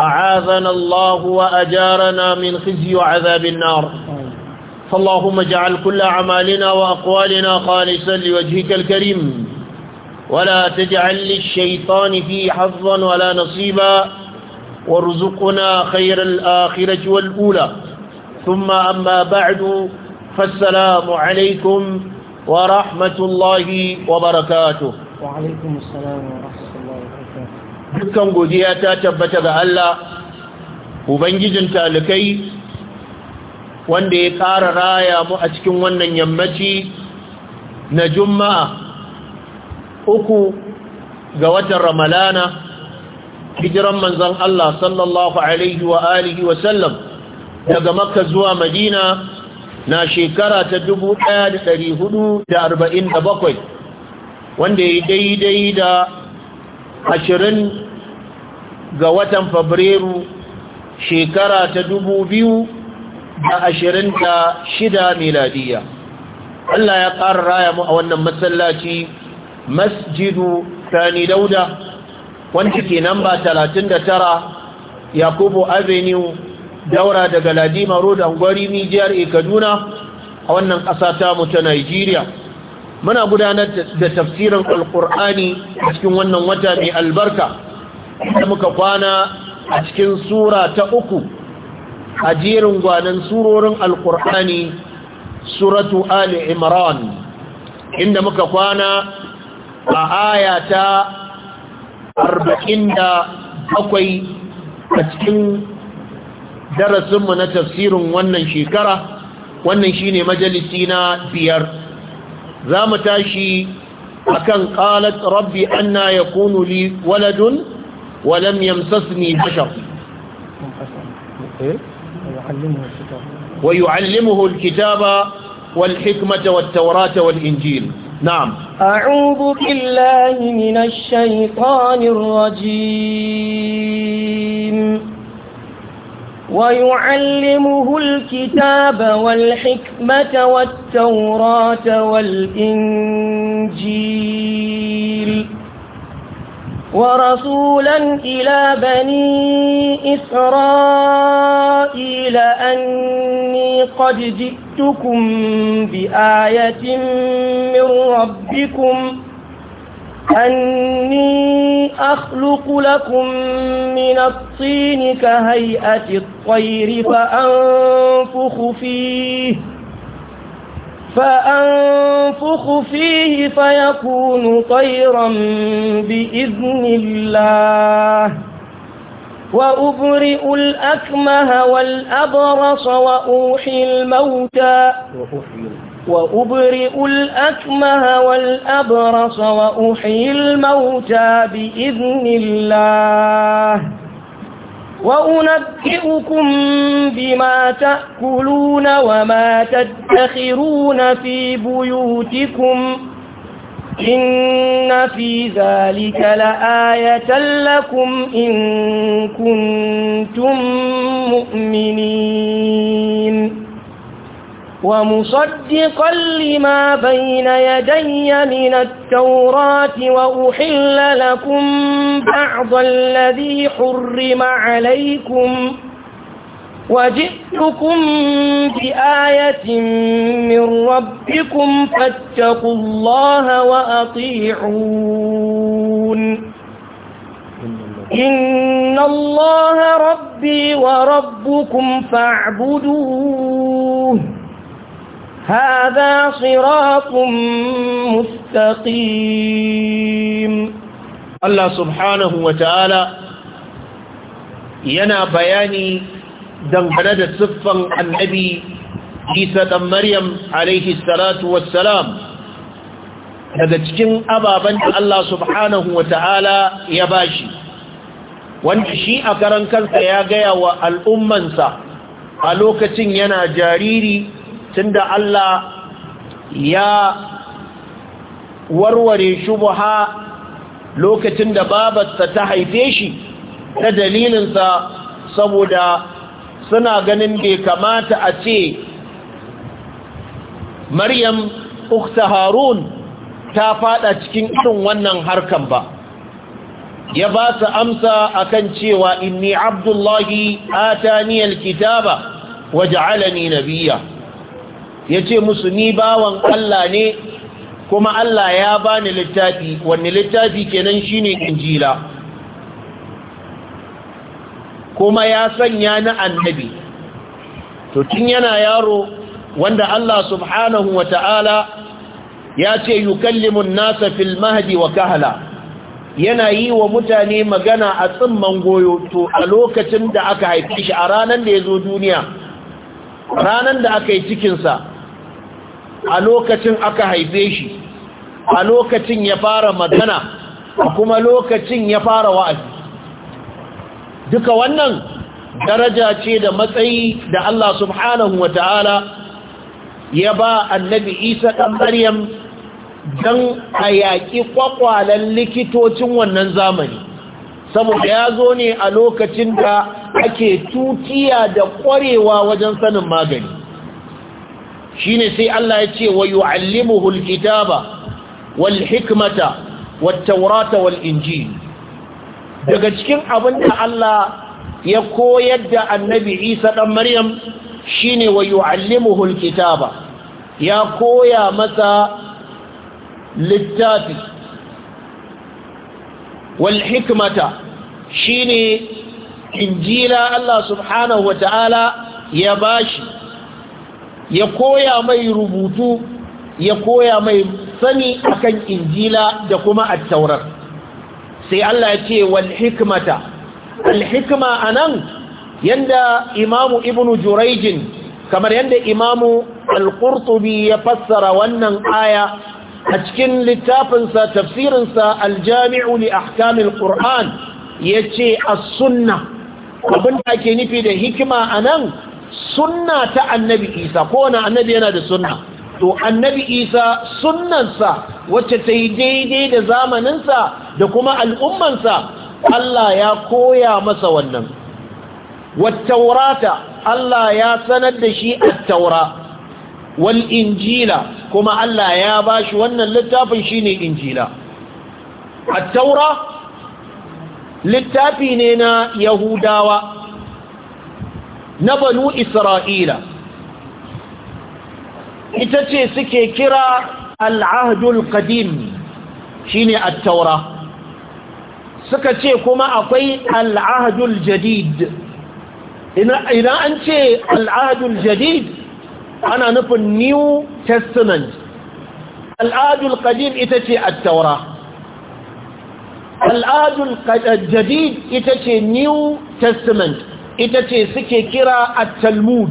أعاذنا الله وأجارنا من خزي وعذاب النار فاللهم اجعل كل أعمالنا وأقوالنا خالصا لوجهك الكريم ولا تجعل للشيطان فيه حظا ولا نصيبا وارزقنا خير الآخرة والأولى ثم أما بعد فالسلام عليكم ورحمة الله وبركاته وعليكم السلام ورحمة الله dukkan godiya ta tabbata ga Allah ubangijin talikai wanda ya ƙara raya mu a cikin wannan yammaci na juma'a uku ga watan ramalana hijiran manzan Allah sallallahu alaihi wa alihi wa sallam daga makka zuwa madina na shekara ta dubu ɗaya da da da ɗari bakwai, wanda ya daidai da ashirin. ga watan fabrairu shekara ta dubu biyu da ashirin da shida miladiya Allah ya ƙara raya mu a wannan masallaci masjidu sani dauda wanda ke namba talatin da tara yakubu avenue daura daga ladima road angwari mijiyar kaduna a wannan ƙasa tamu ta nigeria muna gudanar da tafsirin alƙur'ani a cikin wannan wata mai albarka da muka kwana a cikin sura ta uku a jerin gwanan surorin alkur'ani suratu ali imran inda muka kwana a aya ta bakwai a cikin darasinmu na tafsirin wannan shekara wannan shine majalisi na biyar za mu tashi akan ƙalat rabbi anna yakunu li waladun ولم يمسسني بشر إيه؟ ويعلمه الكتاب والحكمة والتوراة والإنجيل نعم أعوذ بالله من الشيطان الرجيم ويعلمه الكتاب والحكمة والتوراة والإنجيل ورسولا إلى بني إسرائيل أني قد جئتكم بآية من ربكم أني أخلق لكم من الطين كهيئة الطير فأنفخ فيه فأنفخ فيه فيكون طيرا بإذن الله وأبرئ الأكمه والأبرص وأوحي الموتى وأبرئ الأكمه والأبرص وأحيي الموتى بإذن الله وأنبئكم بما تأكلون وما تدخرون في بيوتكم إن في ذلك لآية لكم إن كنتم مؤمنين ومصدقا لما بين يدي من التوراة وأحل لكم بعض الذي حرم عليكم وجئتكم بآية من ربكم فاتقوا الله وأطيعون إن الله ربي وربكم فاعبدوه هذا صراط مستقيم الله سبحانه وتعالى yana bayani dangane da siffan annabi isa ɗan maryam alaihi salatu wassalam daga cikin ababen da Allah subhanahu wa ta'ala ya bashi wanda shi a karan kansa ya gaya wa al'ummansa a lokacin yana jariri tunda Allah ya warware shubuha lokacin da babarsa ta haife shi ta dalilinsa saboda suna ganin bai kamata a ce maryam ukta harun ta fada cikin irin wannan harkan ba ya ba su amsa akan cewa inni abdullahi ataniyal kitaba waj'alani nabiyya ya ce musu ni bawan Allah ne kuma Allah ya bani littafi wani littafi kenan shi ne injila kuma ya sanya na annabi to tun yana yaro wanda Allah subhanahu wa ta'ala ya ce yukallimun nasa fil mahdi wa kahala yana yi wa mutane magana a tsimman goyo to a lokacin da aka haife shi a ranar da ya zo duniya ranar da aka yi cikinsa a lokacin aka haife shi a lokacin ya fara magana a kuma lokacin ya fara wa'azi duka wannan daraja ce da matsayi da Allah subhanahu wa ta'ala ya ba annabi isa ɗan maryam don a yaƙi ƙwaƙwalen likitocin wannan zamani saboda ya zo ne a lokacin da ake tutiya da ƙwarewa wajen sanin magani shine sai Allah ya ce wa yu'allimuhu alkitaba wal hikmata wat tawrata wal injil daga cikin abin da Allah ya koyar da annabi Isa dan Maryam shine wa yu'allimuhu alkitaba ya koya masa littafi wal hikmata shine injila Allah subhanahu wataala ya bashi ya koya mai rubutu ya koya mai sani akan injila da kuma attaurar sai Allah ya ce wal hikmata al hikma anan yanda imamu ibnu juraijin kamar yanda imamu al-qurtubi ya fassara wannan aya a cikin littafinsa tafsirinsa al-jami'u li ahkamil qur'an yace as-sunnah abin da ake nufi da hikima anan sunna ta annabi isa kowane annabi yana da sunna to annabi isa sunnansa wacce ta yi daidai da zamaninsa da kuma al'ummansa Allah ya koya masa wannan wattaurata Allah ya sanar da shi attaura wal injila kuma Allah ya bashi wannan littafin shine injila taura? littafi ne na yahudawa na banu isra'ila ita ce suke kira al'ahdul qadim shine at-taura suka ce kuma akwai al'ahdul jadid idan an ce al'ahdul jadid ana nufin new testament al'ahdul qadim ita ce at-taura al'ahdul jadid ita ce new testament ita ce suke kira a talmud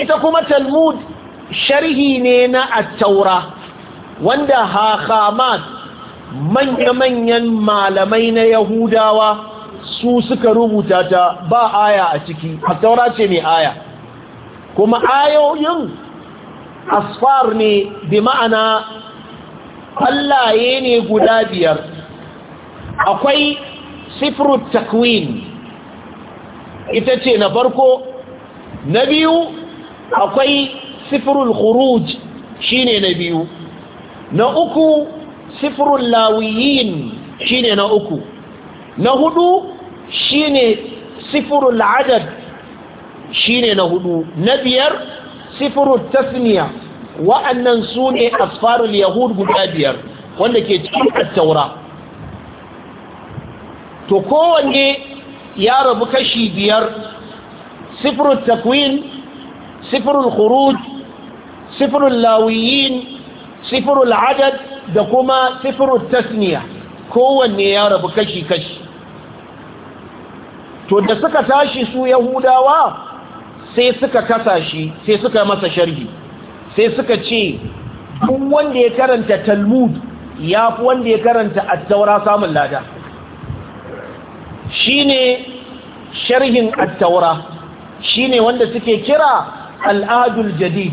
ita kuma talmud sharhi ne na attaura wanda hakamat manya-manyan malamai na yahudawa su suka rubuta ta ba aya a ciki taura ce mai aya kuma ayoyin asfar ne bi ma'ana allaye ne guda biyar akwai sifrut takwin ita ce na farko na biyu akwai sifirul khuruj shine na biyu na uku sifirul lawiyin shine na uku na hudu shine sifirul adad shine na hudu na biyar sifirul tasniya wa'annan su ne asfarul yahud guda biyar wanda ke cikin taura to kowanne ya rabu kashi biyar sifirul takwin sifirul huruj sifirul lawiyin sifirul adad da kuma sifirul tasniya kowanne ya rabu kashi-kashi to da suka tashi su yahudawa sai suka kasa shi sai suka masa sharhi sai suka ce duk wanda ya karanta talmud ya fi wanda ya karanta attaura samun lada shine sharhin at-taura shine wanda suke kira al-adul jadid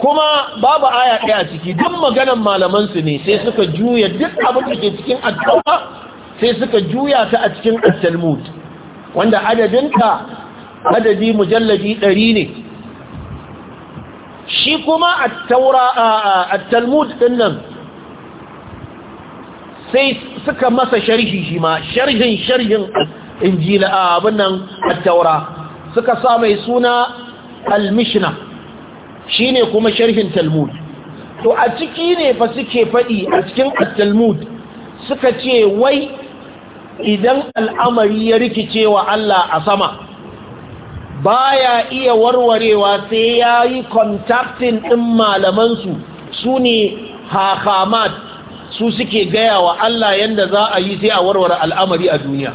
kuma babu aya ɗaya a ciki duk maganan malaman su ne sai suka juya duk abin da ke cikin at-taura sai suka juya ta a cikin at-talmud wanda adadinta adadi mujalladi 100 ne shi kuma at-taura at-talmud sai suka masa sharhi shi ma sharhin sharhin injila abin nan attaura suka sa mai suna al-mishna shine kuma sharhin talmud to a ciki ne fa suke faɗi a cikin talmud suka ce wai idan al'amari ya rikice wa Allah a sama baya iya warwarewa sai ya yi kontaktin ɗin malamansu su ne hakamat su suke gaya wa Allah yanda za a yi sai a warware al'amari a duniya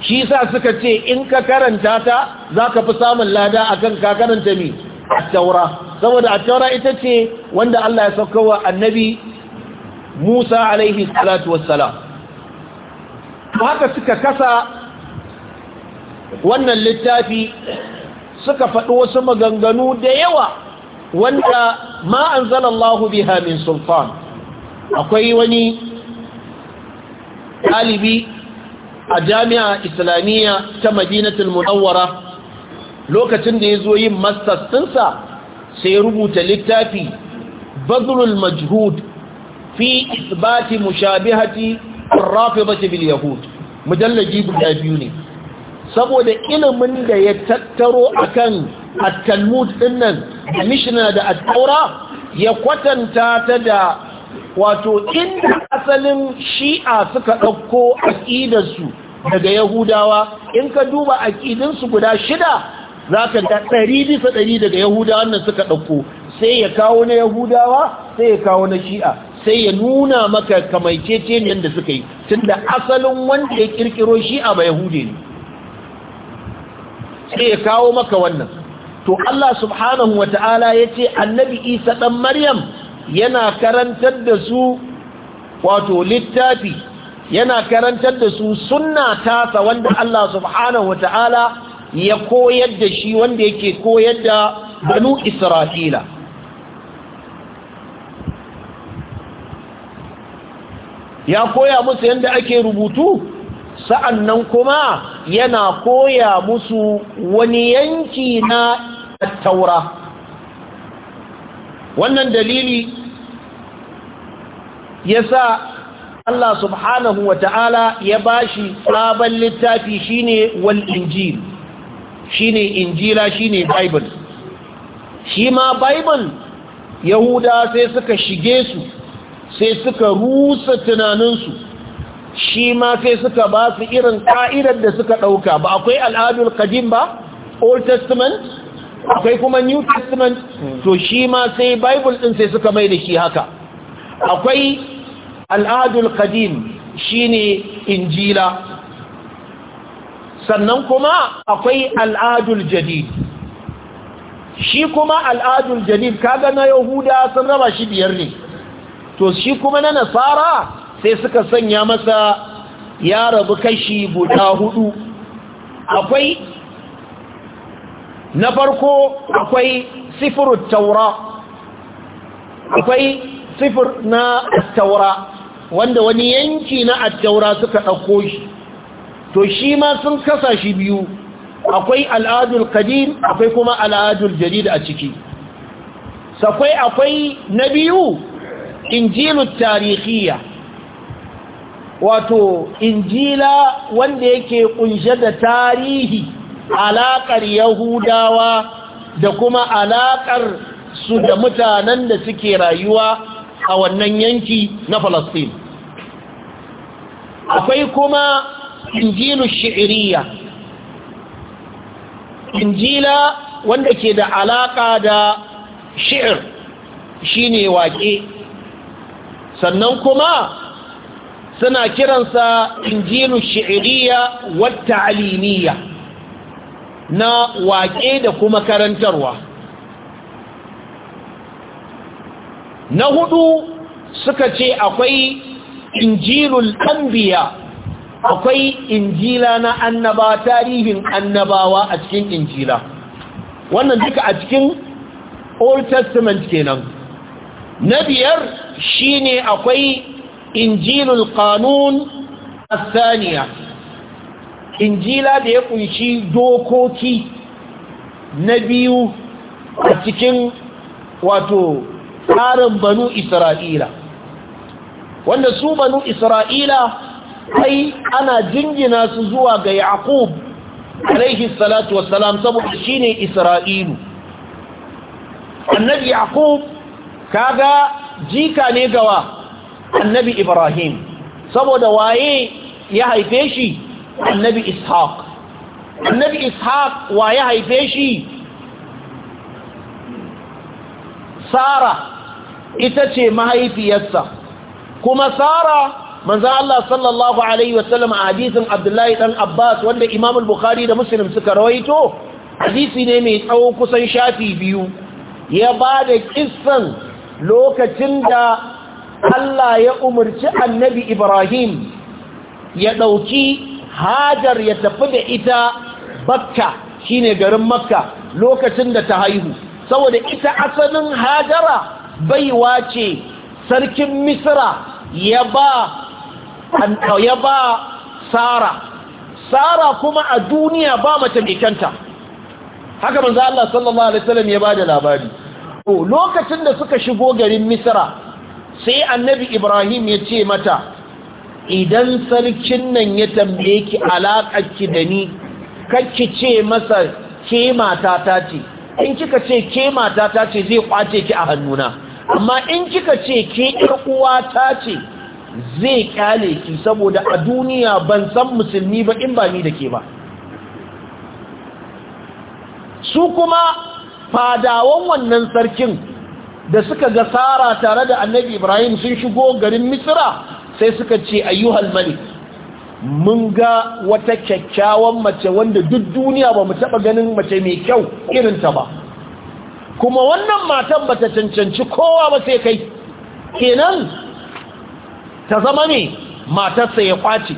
shi sa suka ce in ka karanta ta za ka fi samun lada akan ka karanta mi a taura saboda a taura ita ce wanda Allah ya sauka wa annabi Musa alaihi salatu wassalam haka suka kasa wannan littafi suka faɗi wasu maganganu da yawa wanda ma anzalallahu biha min sultan akwai wani ɗalibi a jami'a islamiyya ta madinatul munawwara lokacin da ya zo yin masters ɗinsa sai rubuta littafi bazlul majhud fi isbati mushabihati rafidati bil yahud mujallaji guda biyu ne saboda ilimin da ya tattaro akan A talmud dinnan da mishna da at-taura ya kwatanta ta da wato inda asalin shi'a suka ɗauko aƙidarsu daga yahudawa in ka duba aƙidinsu guda shida za ka ɗari bisa ɗari daga yahudawan nan suka ɗauko sai ya kawo na yahudawa sai ya kawo na shi'a sai ya nuna maka mai ne da suka yi tunda asalin wanda ya ƙirƙiro shi'a ba Yahude ne sai ya kawo maka wannan to Allah subhanahu wa ta'ala ya ce annabi isa ɗan maryam yana karantar da su wato littafi yana karantar da su sunna tasa wanda Allah subhanahu wa ta'ala ya koyar da shi wanda yake koyar da banu isra'ila ya koya musu yadda ake rubutu sa'an nan kuma yana koya musu wani yanki na taura wannan dalili ya sa Allah subhanahu wa ta'ala ya bashi sabon littafi shine wal injil shine injila shine bible shi ma bible yahuda sai suka shige su sai suka rusa tunaninsu shi ma sai suka ba su irin ka'idar da suka ɗauka ba akwai al'adul qadim ba old testament akwai kuma new testament to shi ma sai bible din sai suka mai da shi haka akwai al'adul qadim shine injila sannan kuma akwai al'adul jadid shi kuma al'adul jadid kaga na yahuda sun raba shi biyar ne to shi kuma na nasara sai suka sanya masa ya rabu kashi guda hudu akwai na farko akwai sifiru taura akwai sifir na taura wanda wani yanki na attaura suka ɗauko shi to shi ma sun kasa shi biyu akwai al'adul kadim akwai kuma al'adul jadid a ciki sakwai akwai na biyu injilul tarihiyya wato injila wanda yake kunshe da tarihi alaƙar yahudawa da kuma alaƙar su da mutanen da suke rayuwa a wannan yanki na falastin akwai kuma injilu shi'iriya injila wanda ke da alaƙa da shi'ir ne waƙe sannan kuma suna kiransa injilu shi'iriya wata aliniya na waƙe da kuma karantarwa na hudu suka ce akwai injilul ɗanbiya akwai injila na annaba tarihin annabawa a cikin injila wannan duka a cikin old testament kenan na biyar shine akwai injilul qanun Asaniya. injila da ya kunshi dokoki na biyu a cikin wato tsarin banu isra'ila wanda su banu isra'ila ai ana jingina su zuwa ga yaqub alaihi salatu wassalam saboda shine isra'ilu annabi yaqub kaga jika ne gawa annabi ibrahim saboda waye ya haife shi annabi ishaq annabi ishaq wa ya haife shi sara ita ce mahaifiyarsa kuma sara manzan Allah sallallahu Alaihi wasallam a hadisin abdullahi dan abbas wanda imamul bukhari da muslim suka rawaito hadisi ne mai tsawo kusan shafi biyu ya ba da kissan lokacin da Allah ya umarci annabi ibrahim ya ɗauki hajar ya tafi da ita bakka shine garin makka lokacin da ta haihu saboda ita asalin hajara baiwa ce sarkin Misira ya ba ya ba sara sara kuma a duniya ba mace mai kanta haka manzo Allah sallallahu alaihi wasallam ya bada labari to lokacin da suka shigo garin Misira sai annabi ibrahim ya ce mata idan sarkin nan ya tambaye ki ki da ni kakki ce masa ke matata ce in kika ce ke matata ce zai kwace ki a hannuna amma in kika ce ke ƴar uwata ce zai kyale ki saboda a duniya ban san musulmi ba in ba ni da ke ba su kuma fadawan wannan sarkin da suka ga tsara tare da annabi ibrahim sun shigo garin misira sai suka ce ayyuhal malik mun ga wata kyakkyawan mace wanda duk duniya ba mu taɓa ganin mace mai kyau irinta ba kuma wannan matan ba ta cancanci kowa ba sai kai kenan ta zama ne matarsa ya kwace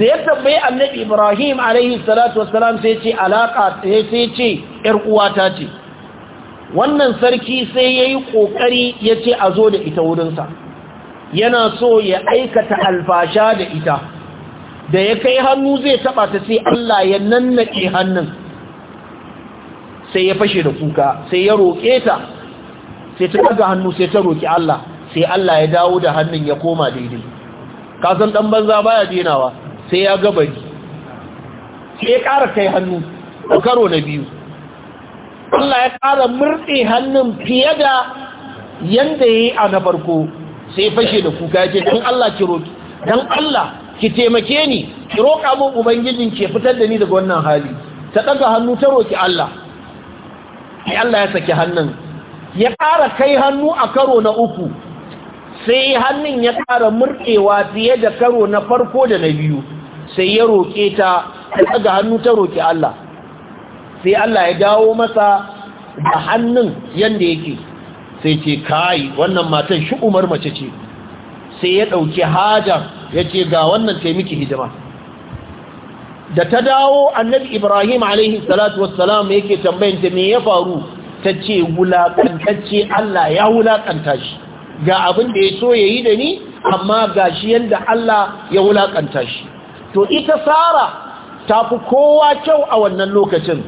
da ya tambaye annabi ibrahim alaihi salatu wassalam sai ce alaka sai ce yar uwata ce wannan sarki sai yayi kokari yace a zo da ita wurinsa yana so ya aikata alfasha da ita da ya kai hannu zai taba ta sai Allah ya nannake hannun sai ya fashe da kuka sai ya roƙe ta sai ta daga hannu sai ta roƙi Allah sai Allah ya dawo da hannun ya koma daidai kasan dan banza baya dinawa sai ya bari. sai ya ƙara kai hannu a karo na biyu Allah ya ƙara murɗe hannun fiye da yanda ya yi a na farko sai fashe da kuka ya ce don Allah ki roki don Allah ki taimake ni ki roƙa min ubangijin ke fitar da ni daga wannan hali ta ɗaga hannu ta roki Allah sai Allah ya saki hannun ya ƙara kai hannu a karo na uku sai hannun ya ƙara murɗewa fiye da karo na farko da na biyu sai ya roƙe ta ta ɗaga hannu ta roƙi Allah sai Allah ya dawo masa da hannun yadda yake sai ce kai wannan matan shi umar mace ce sai ya ɗauki hajar ya ce ga wannan taimaki hidima da ta dawo annabi ibrahim alaihi salatu wassalam yake tambayin ta me ya faru ta ce wulaƙantacce allah ya wulaƙanta shi ga abin da ya so ya yi da ni amma ga shi yadda allah ya wulaƙanta shi to ita sara ta fi kowa kyau a wannan lokacin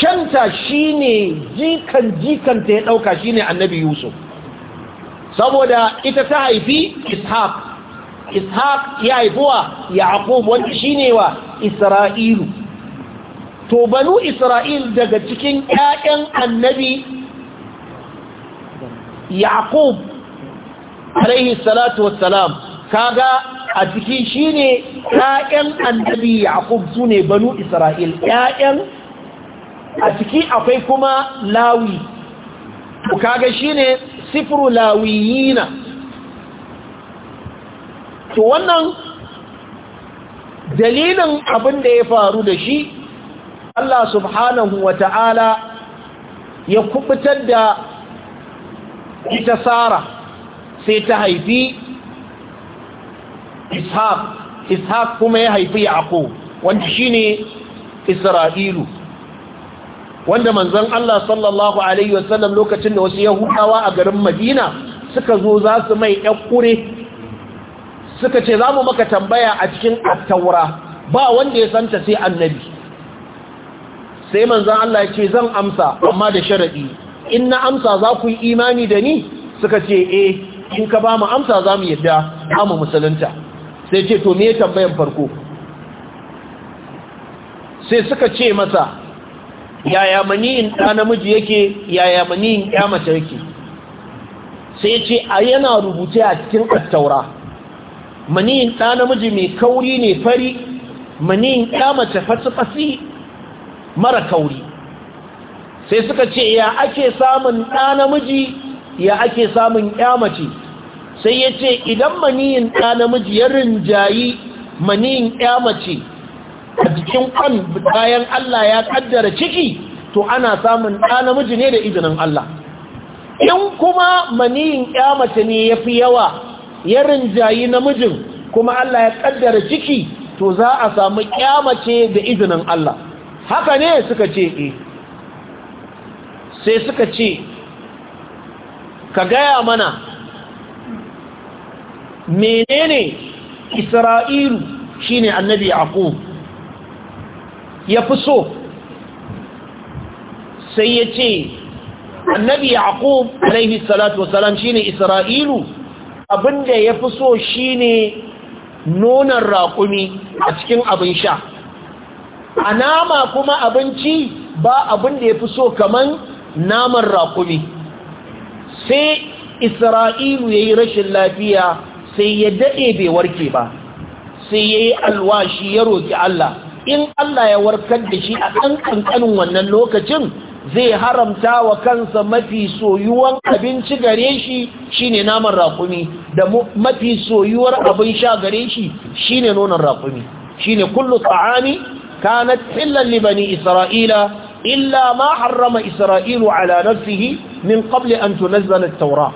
cancanta shine jikan jikanta ya shi shine annabi yusuf saboda ita ta haifi ishaq ishaq ya haifuwa yaqub shi ne wa isra'ilu to banu isra'il daga cikin ƴaƴan annabi yaqub alaihi salatu wassalam kaga a cikin shine ƴaƴan annabi yaqub sune banu isra'il ƴaƴan a ciki akwai kuma lawi kaga shine sifru lawiyina to wannan dalilin abin da ya faru da shi Allah subhanahu wa ta'ala ya kubutar da ita tsara sai ta haifi Ishaq Ishaq kuma ya haifi Yaqub wanda shine Isra'ilu wanda manzon Allah sallallahu alaihi wasallam lokacin da wasu yahudawa a garin Madina suka zo za su mai ƙure suka ce za mu maka tambaya a cikin taura ba wanda ya santa sai annabi sai manzon Allah ya ce zan amsa amma da sharadi in na amsa za ku yi imani da ni suka ce eh in ka ba mu amsa za mu yadda mu musulunta sai ce to me tambayan farko sai suka ce masa yaya maniyin ɗa namiji yake yaya maniyin ya mace yake sai ce a yana rubuce a cikin attaura maniyin ɗa namiji mai kauri ne fari maniyin ya mace fasi mara kauri sai suka ce ya ake samun ɗa namiji ya ake samun ya mace sai ya ce idan maniyin ɗa namiji ya rinjayi maniyin ya mace a jikin kwan bayan Allah ya kaddara ciki to ana samun ɗa namiji ne da izinin Allah in kuma maniyin ya ne ya fi yawa ya rinjayi namijin kuma Allah ya kaddara ciki to za a samu ya da izinin Allah haka ne suka ce e sai suka ce ka gaya mana menene isra'ilu shine annabi yaqub ya fi so sai ya ce annabi yaqub alaihi salatu wasalam shine isra'ilu abinda ya fi so shine nonon raƙumi a cikin abin sha a nama kuma abinci ba abinda ya fi so kaman naman raƙumi sai isra'ilu ya yi rashin lafiya sai ya daɗe bai warke ba sai ya yi alwashi ya roƙi Allah in Allah ya warkar da shi a ɗan ƙanƙanin wannan lokacin zai haramta wa kansa mafi soyuwan abinci gare shi shine naman raƙumi da mafi soyuwar abin sha gare shi shine nonon raƙumi shine kullu ta'ami kanat hillan li bani isra'ila illa ma harrama isra'ilu ala nafsihi min qabl an tunzala at-taura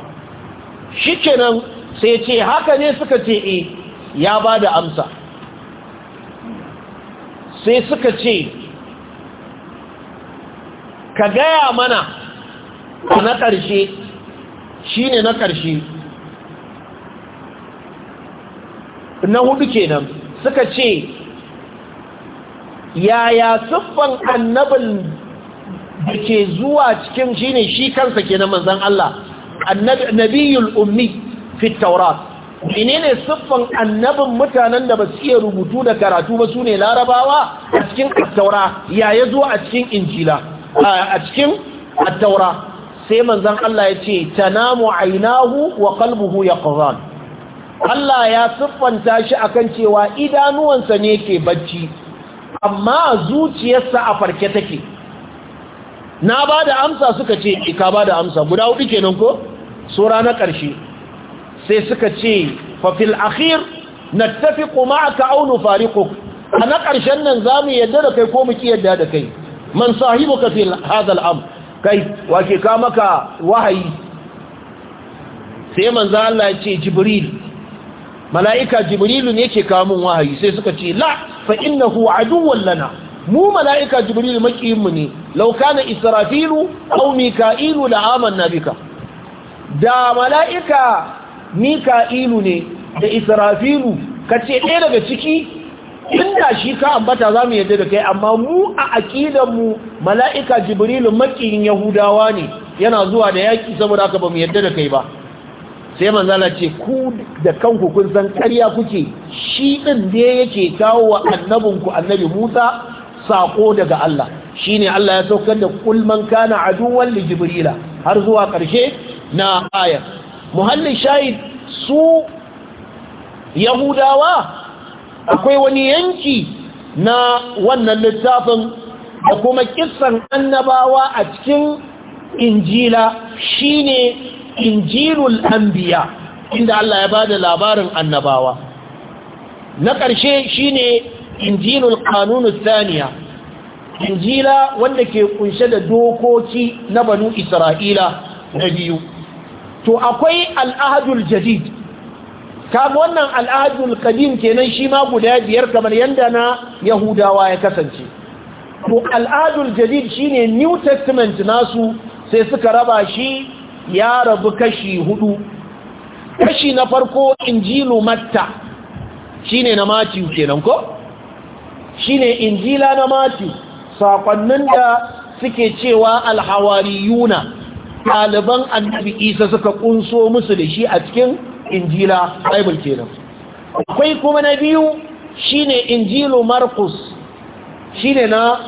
shikenan sai ce haka ne suka ce eh ya bada amsa sai suka ce ka gaya mana na ƙarshe shi ne na ƙarshe na hudu kenan suka ce yaya siffan annabin da ke zuwa cikin shi ne shi kansa kenan manzan Allah annabiyul ummi fit taurat menene siffan annabin mutanen da ba su iya rubutu da karatu ba su ne larabawa a cikin attaura ya ya zo a cikin injila a cikin attaura sai manzan Allah ya ce namu ainihu wa ya yaqzan Allah ya siffanta shi a kan cewa idanuwansa ne ke bacci amma zuciyarsa a farke take na ba da amsa suka ce ika ba da amsa guda hudu kenan ko sura na ƙarshe sai suka ce fa fil akhir nattafiqu ma'aka aw a ana karshen nan zamu yadda da kai ko mu ki yadda da kai man sahibuka fil hadha al-amr kai wake ka maka wahayi sai manzo Allah ya ce jibril mala'ika jibrilu ne ke kawo wahayi sai suka ce la fa innahu aduwwan lana mu mala'ika jibril makiyinmu ne laukana kana israfilu aw mika'ilu la amanna bika da mala'ika mika'ilu ne da israfilu ka ce ɗaya daga ciki inda shi ka ambata za mu yadda da kai amma mu a aƙidanmu mala'ika jibrilu makiyin yahudawa ne yana zuwa da yaƙi saboda aka ba mu yadda da kai ba sai manzala ce ku da kanku kun san ƙarya kuke shi ɗin ne yake kawo wa annabinku annabi musa saƙo daga allah shi ne allah ya saukar da kulman kana aduwan li jibrila har zuwa ƙarshe na ayar muhallin shahid su yahudawa akwai wani yanki na wannan littafin da kuma kissan annabawa a cikin injila shine injilul anbiya inda Allah ya bada labarin annabawa na ƙarshe shine injilul qanunus thaniya injila wanda ke kunshe da dokoki na banu isra'ila na biyu to akwai al'adul jadid kaga wannan al'adul qadim kenan shi ma guda biyar kamar yanda na yahudawa ya kasance to al'adul jadid shine new testament nasu sai suka raba shi ya rabu kashi hudu kashi na farko injilu matta shine na matthew kenan ko shine injila na matthew sakonnin da suke cewa alhawariyuna ɗaliban annabi isa suka kunso musu da shi a cikin injila bible kenan akwai kuma na biyu shine injilu markus shine na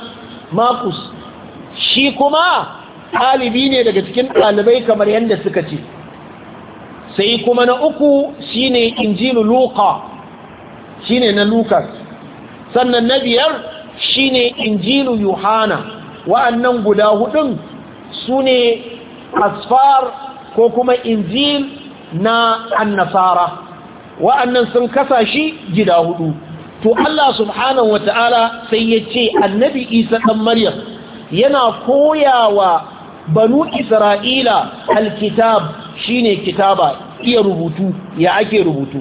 markus shi kuma ɗalibi ne daga cikin ɗalibai kamar yadda suka ce sai kuma na uku shine injilu luka shine na lukas sannan na biyar shine injilu yohana wa'annan guda hudun su ne asfar ko kuma injil na annasara wa'annan sun kasa shi gida hudu to Allah subhanahu wata'ala sai ya ce annabi isa ɗan maryam yana koyawa banu isra'ila alkitab shine kitaba iya rubutu ya ake rubutu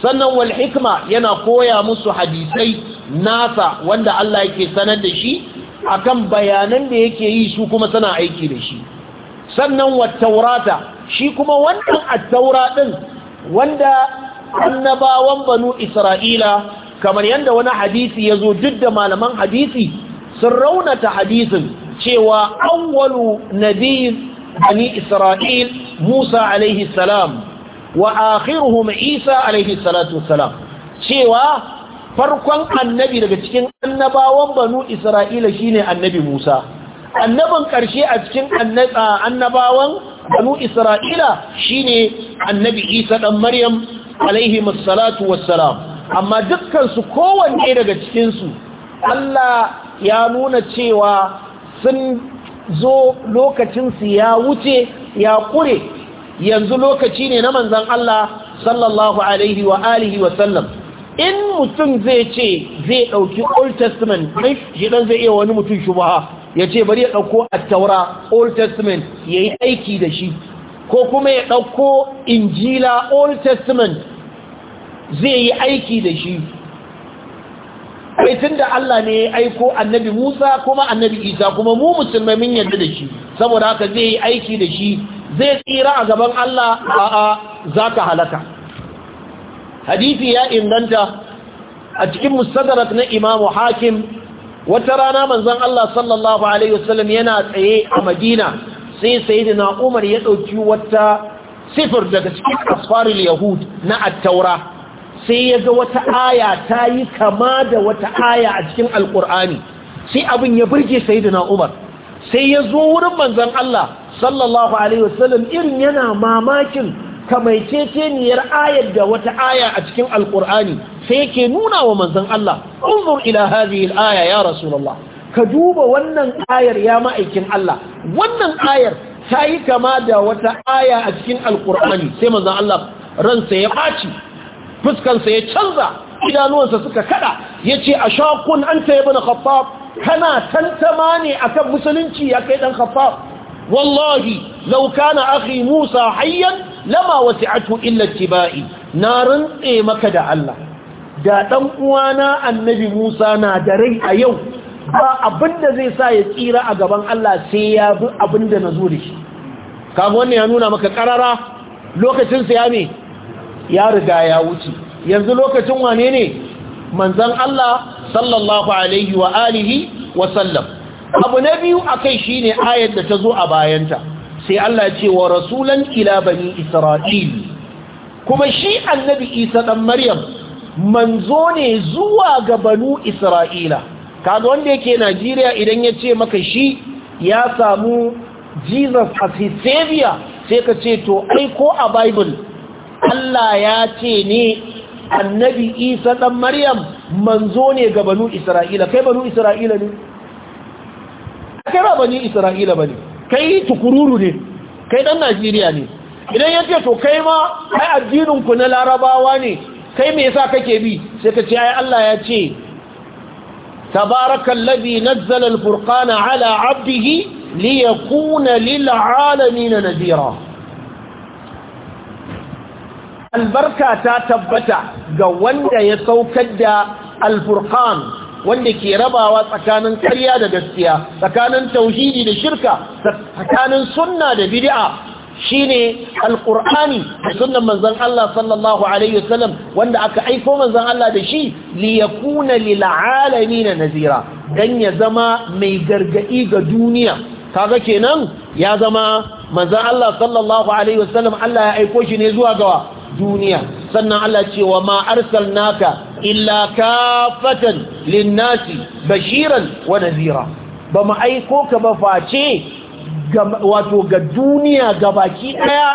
sannan wal hikma yana koya musu hadisai nasa wanda Allah yake sanar da shi akan bayanan da yake yi su kuma suna aiki da shi sannan wattaurata shi kuma wannan attaura din wanda annabawan banu isra'ila kamar yadda wani hadisi ya zo duk da malaman hadisi sun raunata hadisin cewa awwalu nabiyin bani isra'il musa alaihi salam wa akhiruhum isa alaihi salatu wassalam cewa farkon annabi daga cikin annabawan banu isra'ila shine annabi musa annabin ƙarshe a cikin annabawan banu isra'ila shine annabi isa ɗan maryam alaihi masalatu wassalam amma dukkansu kowanne daga cikinsu allah ya nuna cewa sun zo lokacinsu ya wuce ya ƙure yanzu lokaci ne na manzan allah sallallahu alaihi wa alihi wa sallam in mutum zai ce zai ɗauki old testament shi ɗan zai iya wani mutum shubaha ya ce bari ya ɗauko a taura old testament ya yi aiki da shi ko kuma ya ɗauko injila old testament zai yi aiki da shi tun da Allah ne ya aiko annabi Musa kuma annabi Isa kuma mu musulmai mun yarda da shi saboda haka zai yi aiki da shi zai tsira a gaban Allah a'a za ka halaka hadisi ya inganta a cikin musadarat na imamu hakim wata rana manzon Allah sallallahu alaihi wasallam yana tsaye a Madina sai sayyidina Umar ya dauki wata sifir daga cikin asfaril yahud na at-taura sai ya ga wata aya ta yi kama da wata aya a cikin alqur'ani sai abin ya burge sayyidina Umar sai ya zo wurin manzon Allah sallallahu alaihi wasallam irin yana mamakin kamaiceceniyar ayar da wata aya a cikin alqur'ani sai yake nuna wa manzan Allah unzur ila hadhihi al-aya ya rasulullah ka duba wannan ayar ya ma'aikin Allah wannan ayar ta yi kama da wata aya a cikin alkur'ani sai manzon Allah ransa ya ɓaci fuskansa ya canza idanuwansa suka kada ya ce a shakun an ta yabi na khaffaf kana tantama ne a kan musulunci ya kai ɗan khaffaf wallahi lauka na akhi musa hayyan lama wasi'atu illa tiba'i na rantse maka da Allah da ɗan uwana annabi Musa na da rai a yau ba abinda zai sa ya tsira a gaban Allah sai ya bi abinda na zo da shi kaga wannan ya nuna maka karara lokacin sa ya me ya riga ya wuce yanzu lokacin wane ne Manzan Allah sallallahu alaihi wa alihi wa sallam abu na biyu akai shine ayar da ta zo a bayanta sai Allah ce wa rasulan ila bani isra'il kuma shi annabi Isa ɗan Maryam manzo ne zuwa ga banu isra'ila kaga wanda yake najeriya idan ya ce maka shi ya samu jesus as his savior sai ka ce to aiko a bible allah ya ce ne annabi isa dan maryam manzo ne ga banu isra'ila kai banu isra'ila ne kai ba banu isra'ila ba ne kai tukururu ne kai ɗan najeriya ne idan ya to kai ma ai addininku na larabawa ne kai me yasa kake bi sai ka ce ai Allah ya ce tabarakallazi nazzala alfurqana ala abdihi liyakuna lil'alamin nadira albarka ta tabbata ga wanda ya saukar da alfurqan wanda ke rabawa tsakanin ƙarya da gaskiya tsakanin tauhidi da shirka tsakanin sunna da bid'a shine alqur'ani sunnan manzon Allah sallallahu alaihi wasallam wanda aka aiko manzon Allah da shi li yakuna lil alamin nazira dan ya zama mai gargadi ga duniya kaga kenan ya zama manzon Allah sallallahu alaihi wasallam Allah ya aiko shi ne zuwa ga duniya sannan Allah ce wa ma arsalnaka illa kafatan lin-nasi bashiran wa Nazira. ba mu aiko ka ba face wato ga duniya ga baki daya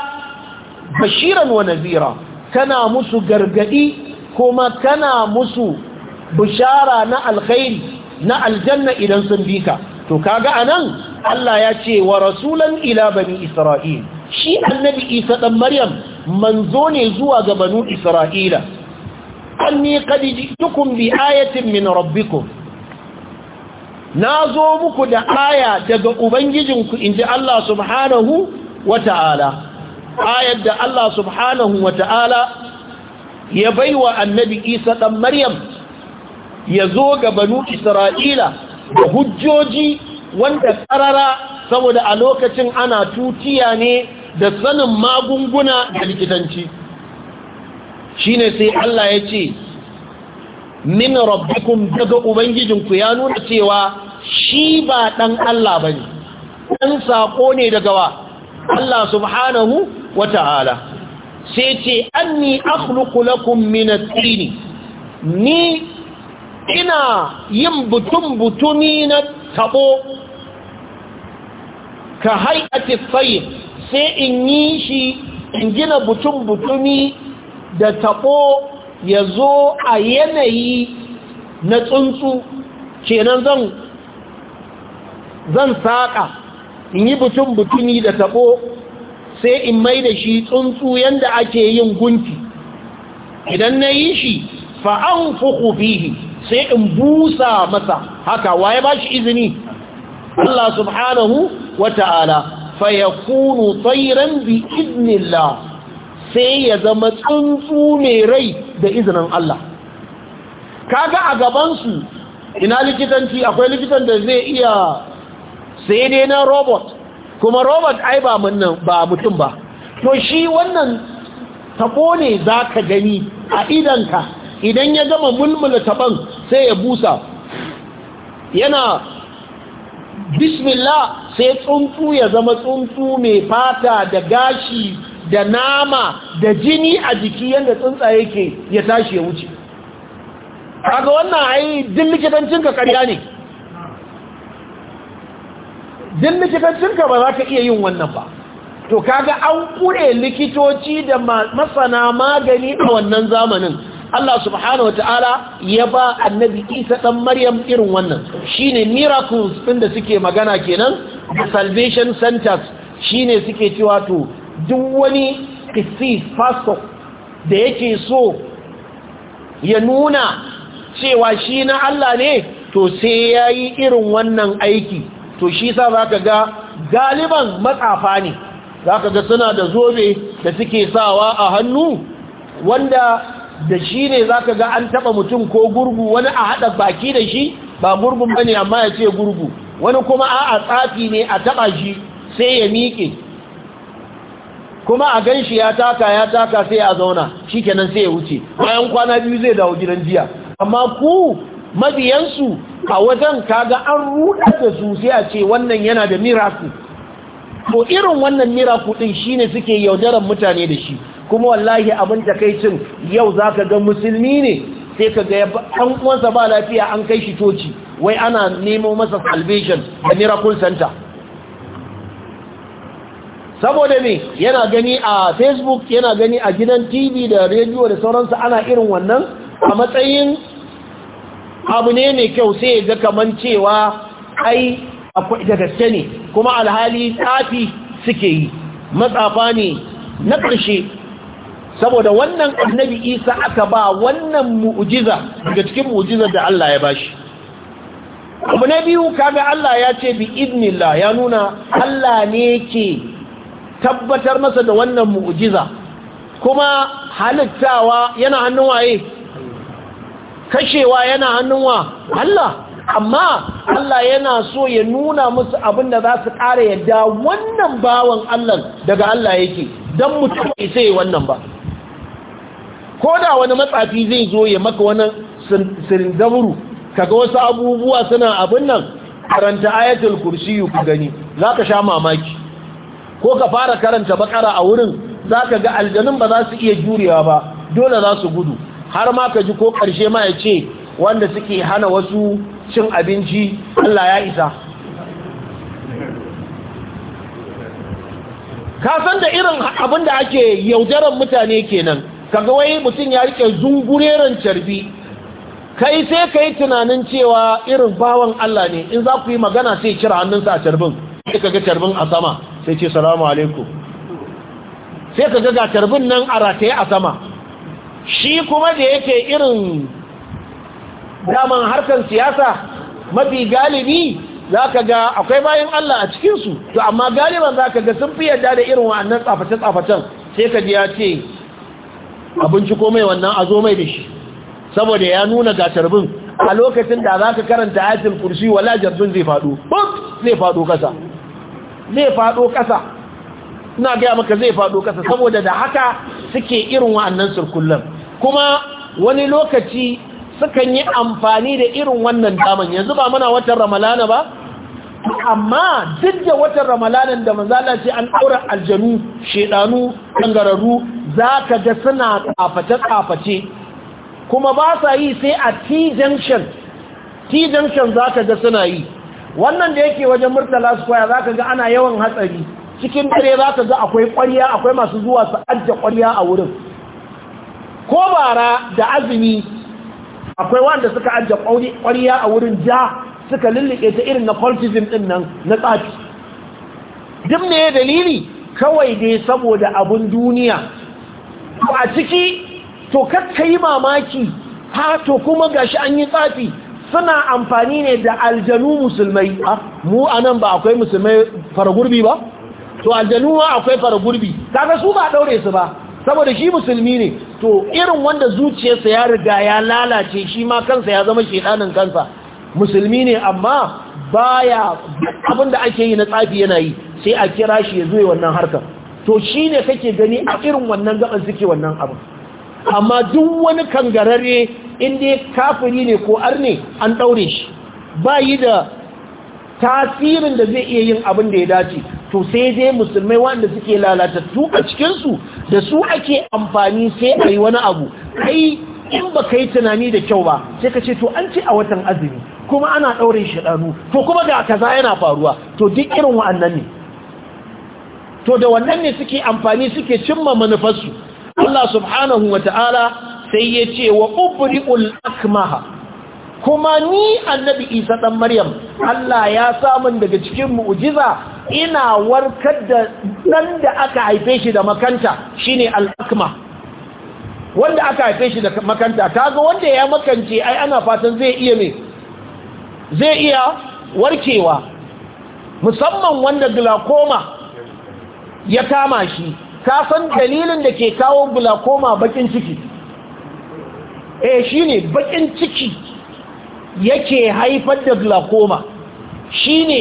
bashiran wa nazira kana musu gargadi kuma kana musu bishara na alkhairi na aljanna idan sun bi ka to kaga anan Allah ya ce wa rasulan ila bani isra'il shi annabi isa dan maryam manzo ne zuwa ga banu isra'ila anni qad ji'tukum bi ayatin min rabbikum na zo muku da aya daga ubangijinku in ji Allah subhanahu wa ta'ala ayar da Allah subhanahu wa ta'ala ya baiwa annabi isa ɗan maryam ya zo ga banu isra'ila da hujjoji wanda tsarara saboda a lokacin ana tutiya ne da sanin magunguna da likitanci Shi ne sai Allah ya ce min rabbikum daga ubangijinku ya nuna cewa shi ba dan Allah bane dan sako ne daga wa Allah subhanahu wata'ala sai ce anni akhluqu lakum min at-tin ni ina yin butun butumi na tabo ka hay'ati tayyib sai in yi shi in gina butun butumi da tabo ya zo a yanayi na tsuntsu kenan zan zan saƙa in yi butun butuni da taɓo sai in mai da shi tsuntsu yadda ake yin gunki idan na yi shi fa'an fuku fihi sai in busa masa haka waye ba shi izini Allah subhanahu wa ta'ala fa ya kunu tsairan bi idnillah sai ya zama tsuntsu mai rai da izinin Allah kaga a gabansu ina likitanci akwai likitan da zai iya sai dai na robot kuma robot ai ba mutum ba to shi wannan tabo ne za ka gani a idanka idan ya gama mulmula taban sai ya busa yana bismillah sai tsuntsu ya zama tsuntsu mai fata da gashi da nama da jini a jiki yadda tsuntsaye ke ya tashi ya wuce kaga wannan ai din likitancinka karya ne din likitancinka ba za ka iya yin wannan ba to kaga an kure likitoci da masana magani a wannan zamanin Allah subhanahu wata'ala ya ba annabi isa ɗan maryam irin wannan Shi ne miracles ɗin da suke magana kenan salvation centers shi ne suke cewa to duk wani kisi fasfo da yake so ya nuna cewa shi na Allah ne to sai ya yi irin wannan aiki to shi sa za ka ga galiban matsafa ne za ka ga suna da zobe da suke sawa a hannu wanda da shi ne za ka ga an taba mutum ko gurgu wani a haɗa baki da shi ba gurgun bane amma ya ce gurgu wani kuma a a tsafi ne a taba shi sai ya miƙe kuma a gan shi ya taka ya taka sai a zauna shi kenan sai ya wuce bayan kwana biyu zai dawo gidan jiya amma ku mabiyansu a wajen kaga an ruɗa da su sai a ce wannan yana da miraku to irin wannan miraku din shine suke yaudaran mutane da shi kuma wallahi abin takaicin yau za ka ga musulmi ne sai ka ga an uwansa ba lafiya an kai shi toci wai ana nemo masa salvation da miracle center saboda me yana gani a facebook yana gani a gidan tv da rediyo da sauransu ana irin wannan a matsayin abu ne mai kyau sai ga kaman cewa ai akwai da gaske ne kuma alhali tafi suke yi matsafa ne na ƙarshe saboda wannan annabi isa aka ba wannan mu'ujiza, daga cikin mu'jizar da Allah ya bashi abu na biyu kaga Allah ya ce bi idnillah ya nuna Allah ne ke tabbatar masa da wannan mu'jiza kuma halittawa yana hannun waye kashewa yana hannun wa Allah amma Allah yana so ya nuna musu abin da za su ƙara yadda wannan bawan Allah daga Allah yake don mutum bai sai wannan ba ko da wani matsafi zai zo ya maka wani sirindamuru kaga wasu abubuwa suna abin nan karanta ayatul kursiyu ku gani za ka sha mamaki ko ka fara karanta bakara a wurin za ka ga aljanun ba za su iya jurewa ba dole za su gudu har ma ka ji ko ƙarshe ma ya ce wanda suke hana wasu cin abinci Allah ya isa ka san da irin abin da ake yaudaran mutane kenan kaga wai mutum ya rike zungureren carbi kai sai ka yi tunanin cewa irin bawan Allah ne in za ku yi magana sai kira hannunsa a carbin sai ka ga carbin a sama sai ce salamu alaikum sai ka ga tarbin nan a rataye a sama shi kuma da yake irin daman harkar siyasa mafi galibi za ka ga akwai bayan Allah a cikinsu to amma galiban za ka ga sun fi yadda da irin wa'annan tsafacen tsafacen sai ka ji ya ce abinci ko mai wannan a zo mai da shi saboda ya nuna gatarbin a lokacin da za ka karanta ayatul kursi wala jarbin zai faɗo zai faɗo kasa zai faɗo ƙasa ina gaya maka zai faɗo ƙasa saboda da haka suke irin wa'annan sirkullan kuma wani lokaci sukan yi amfani da irin wannan daman yanzu ba muna watan ramalana ba amma duk da watan ramalanan da manzala ce an ɗaura aljanu shedanu kangararru za ka ga suna tsaface-tsaface kuma ba sa yi sai a t-junction t-junction za ka ga suna yi wannan da yake wajen murtala square zaka ga ana yawan hatsari cikin dare zaka ga akwai ƙwariya akwai masu zuwa su ajje ƙwariya a wurin ko bara da azumi akwai wanda suka ajje ƙwariya a wurin ja suka lullike ta irin na cultism din nan na tsafi duk ne dalili kawai dai saboda abun duniya to a ciki to kakka yi mamaki ha to kuma gashi an yi tsafi suna amfani ne da aljanu musulmai ah, mu anan ba akwai musulmai faragurbi ba to aljanu ma akwai faragurbi kaga su ba daure su ba saboda shi musulmi ne to irin wanda zuciyarsa ya riga ya lalace shi ma kansa ya zama shedanin kansa musulmi ne amma baya da ake yi na tsafi yana yi sai a kira shi ya zo wannan harkar to shi ne kake gani a irin wannan gaban suke wannan abin amma duk wani kangarare inda kafiri ne ko arne an ɗaure shi ba yi da tasirin da zai iya yin abin da ya dace to sai dai musulmai wanda suke lalatattu a cikinsu da su ake amfani sai a yi wani abu kai in ba ka yi tunani da kyau ba sai ka ce to an ce a watan azumi kuma ana ɗaure ɗanu to kuma ga kaza yana faruwa to duk irin wa'annan ne to da wannan ne suke amfani suke cimma manufarsu Allah subhanahu wa ta'ala sai ya ce wa ƙubri'ul akmaha kuma ni annabi isa ɗan maryam Allah ya samun daga cikin mu'ujiza ina warkar da ɗan da aka haife shi da makanta shine al'akma wanda aka haife shi da makanta kaga wanda ya makance ai ana fatan zai iya mai. zai iya warkewa musamman wanda glaucoma ya kama shi ka san dalilin da ke kawo glaucoma bakin ciki eh shine bakin ciki yake haifar da glaucoma shine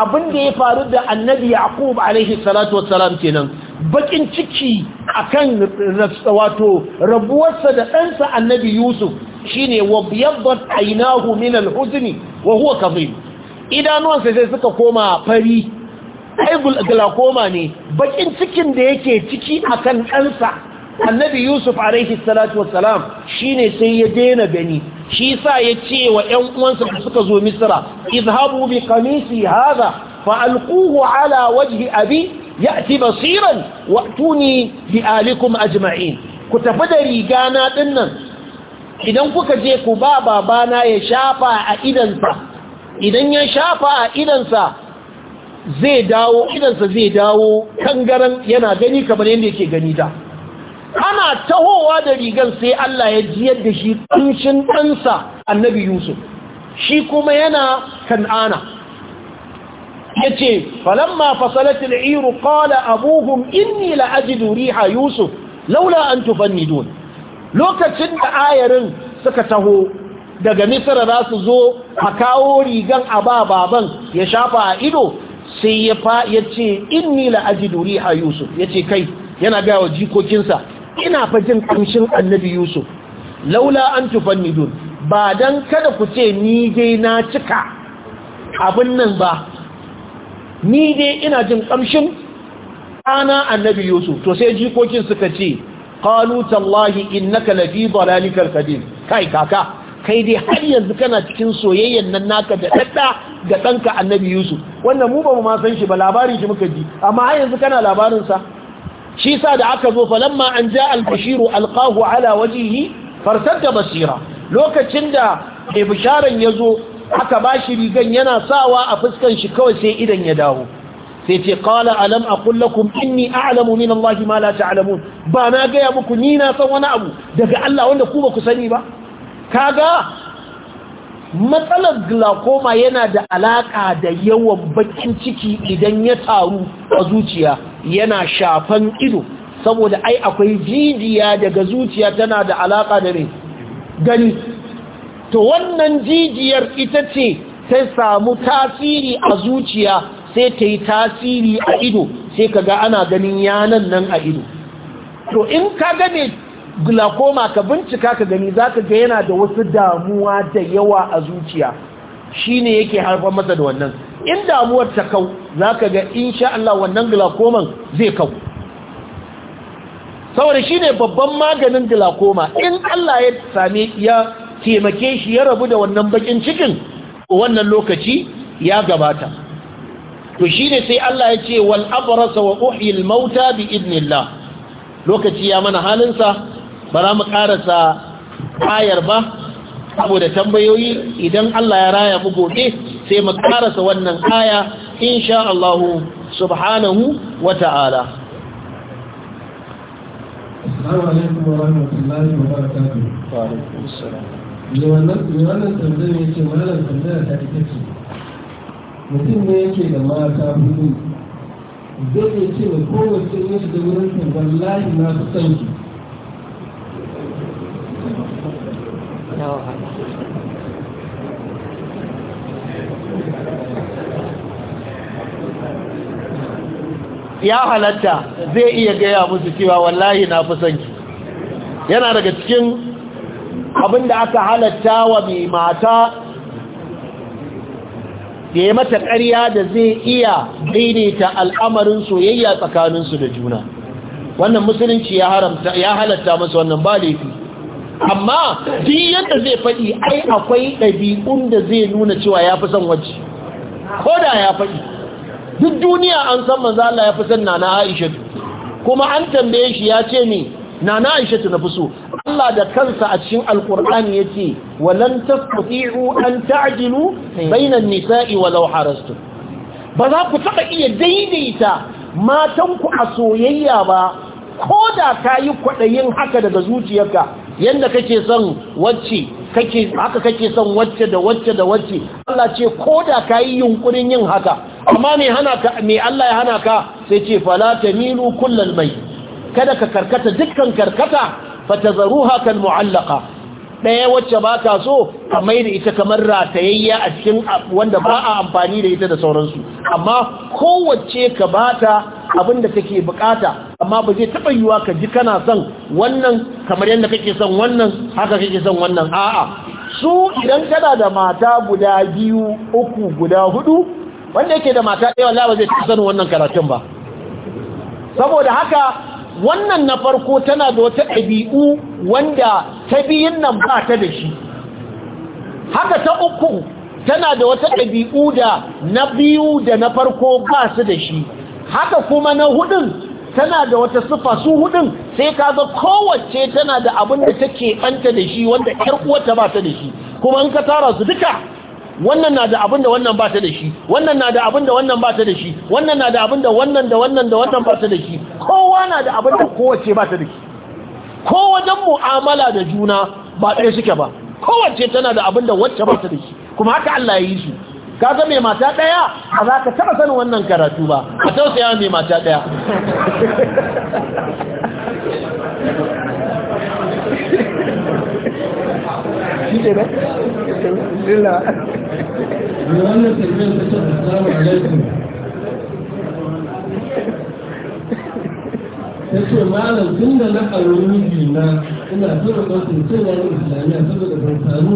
abin da ya faru da annabi yaqub alaihi salatu wassalam kenan bakin ciki akan wato rabuwarsa da ɗansa annabi yusuf shine wabyaddat aynahu min alhuzni wa huwa kadhib idanuwansa sai suka koma fari Aigul glaucoma ne bakin cikin da yake ciki akan ɗansa annabi yusuf alaihi salatu wassalam shine sai ya daina gani shi sa ya ce wa ƴan uwansa da suka zo misra izhabu bi qamisi hadha fa alquhu ala wajhi abi ya'ti basiran wa'tuni bi alikum ajma'in ku tafi da riga na dinnan idan kuka je ku ba babana ya shafa a idansa idan ya shafa a idansa zai dawo idansa zai dawo kangaren yana gani kamar yadda yake gani da ana tahowa da rigan sai Allah ya ji yadda shi ƙunshin ɗansa annabi yusuf shi kuma yana kan'ana ya ce falamma fasalatul iru qala abuhum inni la'ajidu riha yusuf laula an tufannidun lokacin da ayarin suka taho daga misira za su zo a kawo rigan a ba baban ya shafa a ido sai ya fa ya ce inni la ajidu riha yusuf ya ce kai yana ga wa jikokinsa ina fa jin kamshin annabi yusuf laula an tufannidun ba dan kada ku ce ni dai na cika abin nan ba ni dai ina jin kamshin ana annabi yusuf to sai jikokin suka ce qalu tallahi innaka lafi dalalikal qadim kai kaka kai dai har yanzu kana cikin soyayyan nan naka da dadda ga danka annabi yusuf wannan mu ba mu ma san shi ba labarin shi muka ji amma har yanzu kana labarin sa shi sa da aka zo lamma an ja al-bashir alqahu ala wajhihi farsadda basira lokacin da ibsharan yazo aka bashi rigan yana sawa a fuskan shi kawai sai idan ya dawo sai ce qala alam aqul lakum inni a'lamu min Allah ma la ta'lamun ba na ga muku ni na san wani abu daga Allah wanda ku ba ku sani ba kaga matsalar glaucoma yana da alaka da yawan bakin ciki idan ya taru a zuciya yana shafan ido saboda ai akwai jijiya daga zuciya tana da alaka da mai gani to wannan jijiyar ita ce ta samu tasiri a zuciya sai ta yi tasiri a ido sai kaga ana ganin yanan nan a ido to in ka gane glaucoma ka bincika ka gani za ka ga yana da wasu damuwa da yawa a zuciya shi ne yake haifar masa da wannan in damuwar ta kau za ka ga insha Allah wannan glaucoma zai kau saboda shi ne babban maganin glaucoma in Allah ya same ya taimake shi ya rabu da wannan bakin cikin wannan lokaci ya gabata to shi ne sai Allah ya ce wal abrasa wa uhyil mauta bi idnillah lokaci ya mana halinsa za mu karasa ayar ba saboda tambayoyi idan Allah ya raya mu gobe sai mu karasa wannan aya insha Allah subhanahu wa ta'ala Mutum ne yake da mata hudu. Zai ce da kowace ne da wurin tambayar na fi sauki ya halatta zai iya gaya musu cewa wallahi na fi son yana daga cikin abinda aka halatta wa mai mata da ya mata ƙarya da zai iya daidaita al'amarin soyayya tsakaninsu da juna wannan musulunci ya halatta masu wannan ba laifi amma duk yadda zai faɗi ai akwai ɗabi'un da zai nuna cewa ya fi son wacce ko da ya faɗi duk duniya an san manzo Allah ya fi son nana Aisha kuma an tambaye shi ya ce ni nana Aisha na fi so Allah da kansa a cikin Alƙur'ani yace walan tastati'u an ta'jilu bainan nisa'i walau harastu ba za ku taɓa iya daidaita matanku a soyayya ba ko da ka yi kwaɗayin haka daga zuciyarka yanda kake son wacce kake haka kake son wacce da wacce da wacce Allah ce ka yi yunkurin yin haka amma me hana ka me Allah ya hana ka sai ce fala tamilu kullal mai kada ka karkata dukkan karkata fatazruha kal mu'allaqa daya wacce ba ka so a mai da ita kamar ratayayya a cikin wanda ba a amfani da ita da sauransu amma kowace ka bata abinda take bukata amma ba zai taɓa yiwa ka ji kana son wannan kamar yadda kake son wannan haka kake son wannan a'a su idan kana da mata guda biyu uku guda hudu wanda yake da mata ɗaya wallahi ba zai taɓa sanin wannan karatun ba saboda haka wannan na farko tana da wata ɗabi'u wanda ta biyun nan ba ta da shi haka ta uku tana da wata ɗabi'u da na biyu da na farko ba su da shi haka kuma na hudun tana da wata sufa su hudun sai ka ga kowace tana da abin da take banta da shi wanda ƴar uwarta ba ta da shi kuma in ka tara su duka wannan na da abin da wannan ba ta da shi wannan na da abin da wannan ba ta da shi wannan na da abin da wannan da wannan da wannan ba ta da shi kowa na da abin da kowace ba ta da shi ko wajen mu'amala da juna ba ɗaya suke ba kowace tana da abin da wacce ba ta da shi kuma haka Allah ya yi su kaga mai mata daya A za ka taba sanin wannan karatu ba a tausaya mai mata daya ta ce malam tun da na ƙaru miji na ina tura ɗaukar cewa islamiyya saboda ban samu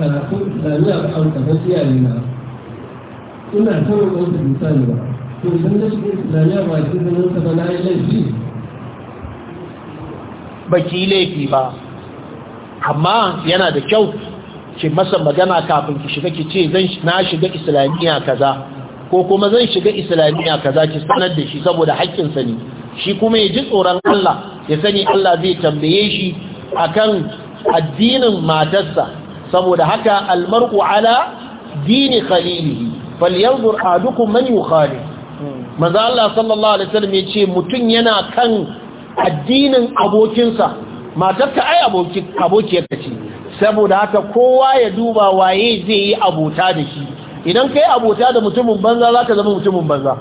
karatun islamiyya ba a ƙasar iyaye na ina kawai ɗan misali ba to idan na shiga islamiyya ba cikin zaman sa ba na yi laifi ba ki laifi ba amma yana da kyau ki masa magana kafin ki shiga ki ce zan na shiga islamiyya kaza ko kuma zan shiga islamiyya kaza ki sanar da shi saboda haƙƙinsa ne shi kuma ya ji tsoron Allah ya sani Allah zai tambaye shi akan addinin matarsa saboda haka almar'u ala dini khalilihi falyanzur ahadukum man yukhalif manzo Allah sallallahu alaihi wasallam yace mutun yana kan addinin abokinsa matarka ai aboki abokiyarka ce saboda haka kowa ya duba waye zai yi abota da shi idan kai abota da mutumin banza zaka zama mutumin banza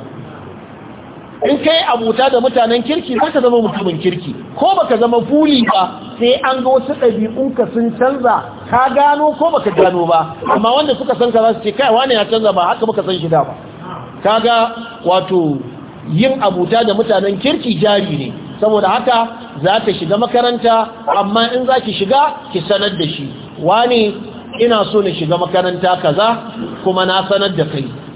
in kai abuta da mutanen kirki za ka zama mutumin kirki ko baka zama fuli ba sai an ga wasu ɗabi'unka sun canza ka gano ko baka gano ba amma wanda suka san ka za su ce kai wani ya canza ba haka baka san shi da ba Ka ga wato yin abuta da mutanen kirki jari ne saboda haka za ta shiga makaranta amma in za ki shiga ki sanar da shi wani ina so na shiga makaranta kaza kuma na sanar da kai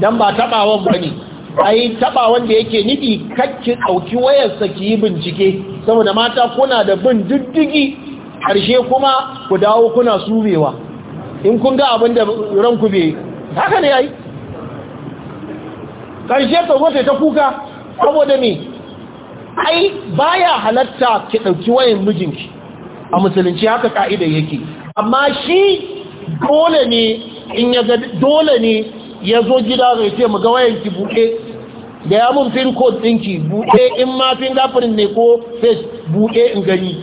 dan ba tabawan bane ai tabawan da yake nidi kacce dauki wayarsa ki yi bincike saboda mata kuna da bin diddigi karshe kuma ku dawo kuna subewa in kun ga abin da ranku bai haka ne ai karshe ta zo ta kuka saboda me ai baya halatta ki ɗauki wayan mijinki a musulunci haka ka'ida yake amma shi dole ne in ya dole ne ya zo gida zai ce mu ga ki buɗe da ya mun fin code ɗinki buɗe in ma fingerprint ne ko face buɗe in gani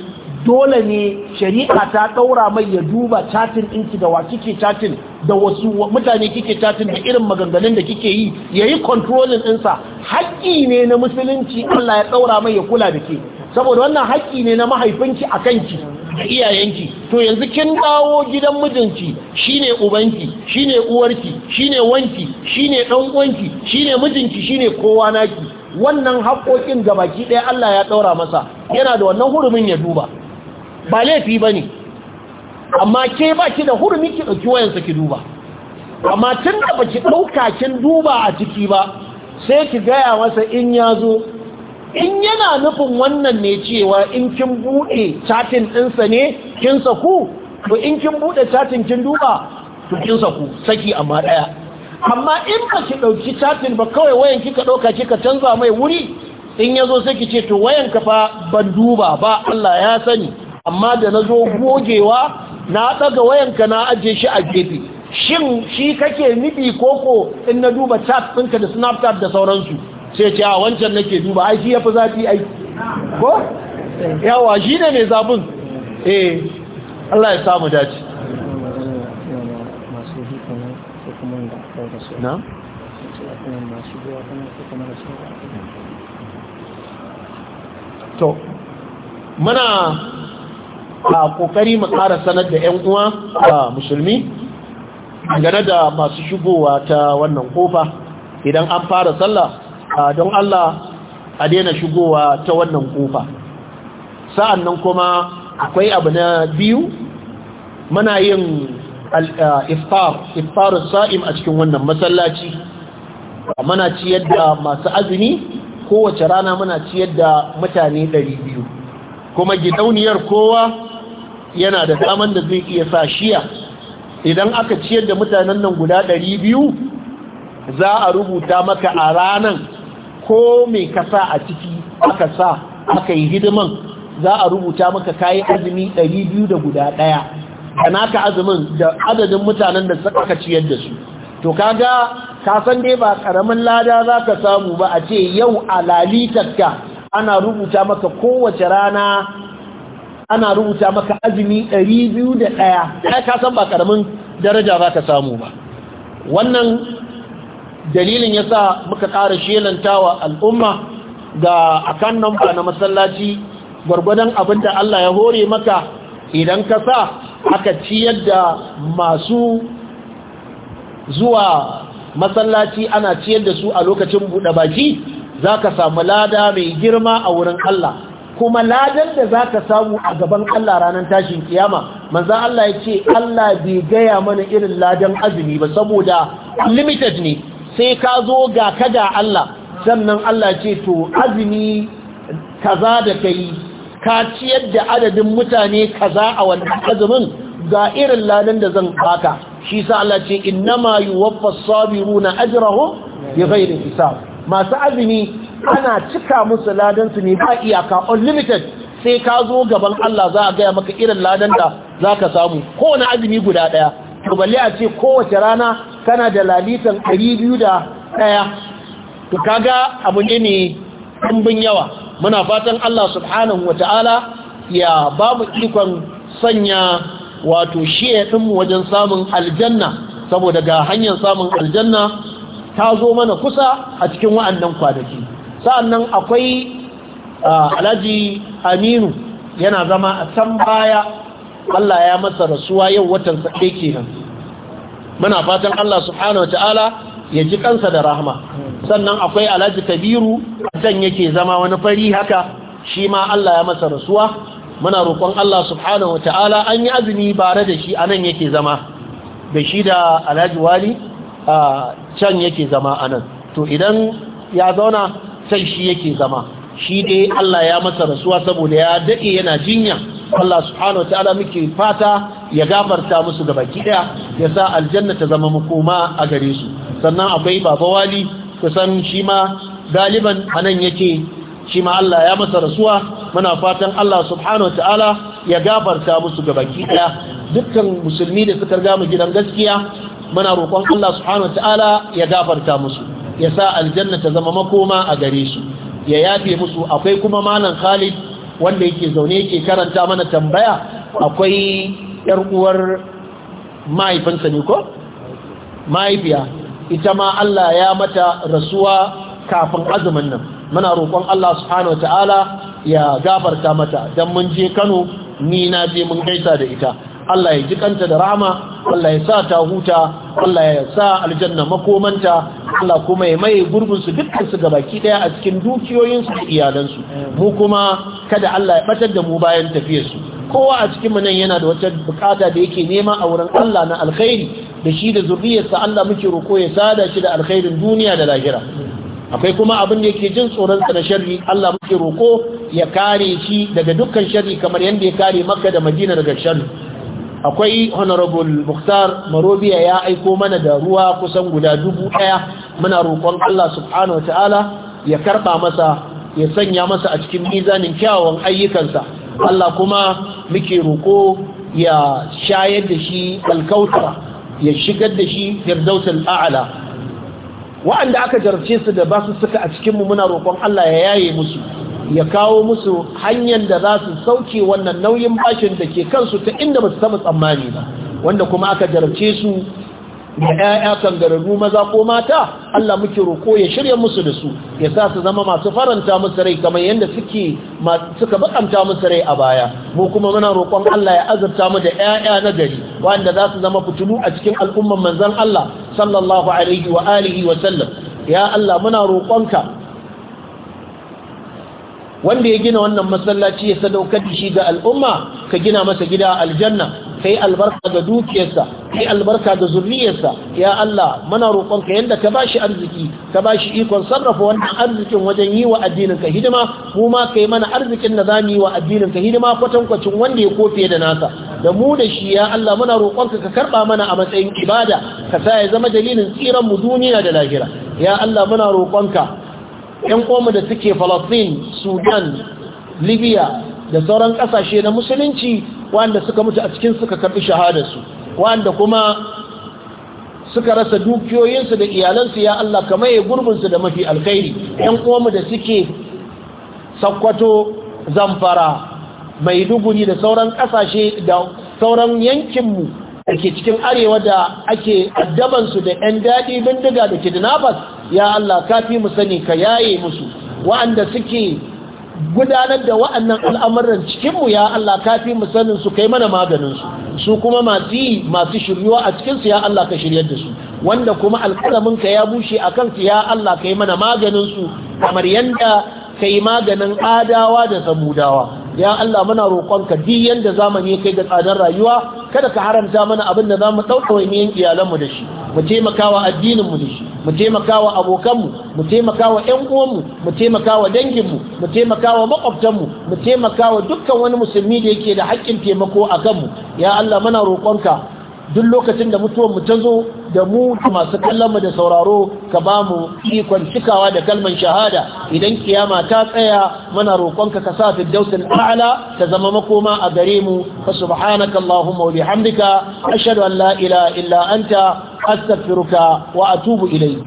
dole ne shari'a ta ɗaura mai ya duba chatin ɗinki da wa kike chatin da wasu mutane kike chatin da irin maganganun da kike yi Yayi yi controlling ɗinsa haƙƙi ne na musulunci Allah ya ɗaura mai ya kula da ke saboda wannan haƙƙi ne na mahaifinki a kanki da iyayenki to yanzu kin dawo gidan mijinki shine ubanki shine uwarki shine wanki shine dan uwanki shine mijinki shine kowa naki wannan haƙoƙin baki ɗaya Allah ya ɗaura masa yana da wannan hurumin ya duba ba laifi bane amma ke ba ki da hurumi ki ɗauki wayansa ki duba amma tun da ba ɗauka kin duba a ciki ba sai ki gaya masa in ya zo in yana nufin wannan ne cewa in kin buɗe chatin ɗinsa ne kin saku to in kin buɗe chatin kin duba to kin saku saki amma ɗaya amma in ba ki ɗauki chatin ba kawai wayan kika ɗauka kika canza mai wuri in yazo sai ki ce to wayan ka fa ban duba ba Allah ya sani amma da nazo gogewa na wayan wayanka na aje shi a gefe shin shi kake nufi koko in na duba chat ɗinka da snapchat da sauransu sai ce a wancan nake duba ai shi yafi zafi ai ko yawa shi ne mai zafin eh Allah ya samu dace to muna a kokari mu ƙara sanar da 'yan uwa a musulmi gane da masu shigowa ta wannan kofa idan an fara sallah A ah, don Allah a daina shigowa ta wannan kofa sa'an nan kuma akwai abu na biyu muna yin ah, iftar sa'im a cikin wannan masallaci muna ciyar da masu azumi kowace rana muna ciyar da mutane 200 kuma gidauniyar kowa yana da daman da zai iya sa shiya idan aka ciyar da mutanen nan guda 200 za a rubuta maka a ranan ko mai kasa a ciki aka sa aka yi hidiman za a rubuta maka kayi azumi ɗari biyu da guda ɗaya da naka azumin da adadin mutanen da suka ciyar da su to kaga ka san dai ba karamin lada za ka samu ba a ce yau a lalitarka ana rubuta maka kowace rana ana rubuta maka azumi 201 ɗaya ka san ba karamin daraja za ka samu ba wannan dalilin yasa muka ƙara shelantawa al'umma ga akan namba na masallaci gwargwadon da Allah ya hore maka idan ka sa aka ciyar da masu zuwa masallaci ana ciyar da su a lokacin buɗe baki za ka samu lada mai girma a wurin Allah kuma ladan da za ka samu a gaban Allah ranar tashin kiyama manzan Allah ya ce Allah bai gaya mana irin ladan azumi ba saboda limited ne sai ka zo ga ka ga Allah sannan Allah ce to azumi kaza da kai ka ciyar da adadin mutane kaza a wannan azumin ga irin ladan da zan baka shi sa Allah ce innama yuwaffas sabiruna bai bighairi hisab masu azumi ana cika musu ladan su ne ba iyaka unlimited sai ka zo gaban Allah za a gaya maka irin ladan da zaka samu kowane azumi guda daya to balle a ce kowace rana kana da lalitan ɗari biyu da ɗaya. to kaga abu ne ne ɗumbin yawa muna fatan Allah subhanahu wa ta'ala ya ba mu ikon sanya wato shiya ɗinmu wajen samun aljanna saboda ga hanyar samun aljanna ta zo mana kusa a cikin wa'annan kwanaki sa'annan akwai alhaji aminu yana zama a can baya Allah ya masa rasuwa yau watan sa kenan muna fatan Allah subhanahu wataala ya ji kansa da rahama sannan akwai Alhaji Kabiru can yake zama wani fari haka shi ma Allah ya masa rasuwa muna roƙon Allah subhanahu wataala an yi azumi bare da shi anan yake zama da shi da Alhaji Wali a can yake zama anan to idan ya zauna can shi yake zama shi dai Allah ya masa rasuwa saboda ya daɗe yana jinya Allah subhanahu wataala muke fata ya gafarta musu ga baki ya sa aljanna ta zama makoma a gare su sannan akwai baba wali kusan shi ma galiban anan yake shi ma Allah ya masa rasuwa muna fatan Allah subhanahu ta'ala ya gafarta musu ga baki dukkan musulmi da suka riga mu gidan gaskiya muna roƙon Allah subhanahu ta'ala ya gafarta musu ya sa aljanna ta zama makoma a gare su ya yafe musu akwai kuma malam Khalid wanda yake zaune yake karanta mana tambaya akwai yar uwar mahaifinsa ne ko mahaifiya ita ma Allah ya mata rasuwa kafin azumin nan muna roƙon Allah subhanahu wataala ya gafarta mata don mun je Kano ni na je mun gaisa da ita Allah ya ji kanta da rahama Allah ya sa ta huta Allah ya sa aljanna makomanta Allah kuma ya maye gurbin su dukkan su baki daya a cikin dukiyoyin da iyalansu, mu kuma kada Allah ya ɓatar da mu bayan tafiyar su kowa a cikin mu nan yana da wata bukata da yake nema a wurin Allah na alkhairi da shi da zuriyarsa Allah muke roko ya sada shi da alkhairin duniya da lahira akwai kuma abin da yake jin tsoron sa na sharri Allah muke roko ya kare shi daga dukkan sharri kamar yanda ya kare Makka da Madina daga sharri akwai honorable Muktar Marobiya ya aiko mana da ruwa kusan guda dubu ɗaya muna roƙon Allah subhanahu wataala ya karba masa ya sanya masa a cikin mizanin kyawawan ayyukansa Allah kuma muke roko ya shayar da shi alkautar ya shigar da shi firdausul a'la wa'anda aka jarce su da basu suka a cikin mu muna roƙon Allah ya yaye musu ya kawo musu hanyar da za su sauke wannan nauyin bashin da ke kansu ta inda ba su samu tsammani ba wanda kuma aka jarce su da ƴaƴa kangararru maza ko mata Allah muke roko ya shirya musu da su ya sa su zama masu faranta musu rai kamar yadda suka bakanta musu rai a baya mu kuma muna roƙon Allah ya azurta mu da ƴaƴa na gari wanda za su zama fitilu a cikin al'umman manzon Allah sallallahu alaihi wa alihi wa sallam ya Allah muna roƙonka wanda ya gina wannan masallaci ya sadaukar da shi ga al'umma ka gina masa gida aljanna kai albarka ga dukiyarsa kai albarka ga zurriyarsa ya Allah muna roƙonka yanda ka bashi arziki ka bashi ikon sarrafa wannan arzikin wajen yi wa addininka hidima mu ma kai mana arzikin da zamu yi wa addininka hidima kwatankwacin wanda ya kofe da nasa da mu da shi ya Allah muna roƙonka ka karba mana a matsayin ibada ka sa ya zama dalilin tsiran mu duniya da lahira ya Allah muna roƙonka ‘yan koma da suke falastin Sudan, Libya da sauran ƙasashe na musulunci wanda suka mutu a cikin suka karbi shahadarsu wanda kuma suka rasa dukiyoyinsu da iyalansu ya Allah ka maye gurbinsu da mafi alkhairi ɗan mu da suke sakkwato zamfara maiduguri da sauran ƙasashe da sauran yankinmu da ke cikin arewa da ake addabansu da 'yan daɗi bindiga da kidnappers ya Allah kafi fi mu sani ka yaye musu wa'anda suke gudanar da wa'annan al'amuran cikinmu ya Allah fi mu sanin su kai mana maganin su su kuma masu yi masu shiryuwa a cikin su ya Allah ka shiryar da su wanda kuma alƙalamin ka ya bushe a su ya Allah kai mana maganin su kamar yanda yi maganin adawa da samudawa ya Allah muna roƙonka duk yanda zamani kai ga tsadar rayuwa kada ka haramta mana abin da zamu dauka wainiyan iyalanmu da shi mu taimakawa addinin mu da shi mu taimakawa abokanmu mu taimakawa ƴan uwanmu mu taimakawa danginmu mu taimakawa makwabtanmu mu taimakawa dukkan wani musulmi da yake da haƙƙin taimako a kanmu ya Allah muna roƙonka duk lokacin da mutuwan mu ta zo da mu masu kallon mu da sauraro ka ba mu ikon cikawa da kalman shahada idan kiyama ta tsaya muna roƙonka ka sa firdausul a'la ta zama makoma a gare mu fa subhanaka allahumma wa bihamdika ashhadu an la ilaha illa anta astaghfiruka wa atubu ilayk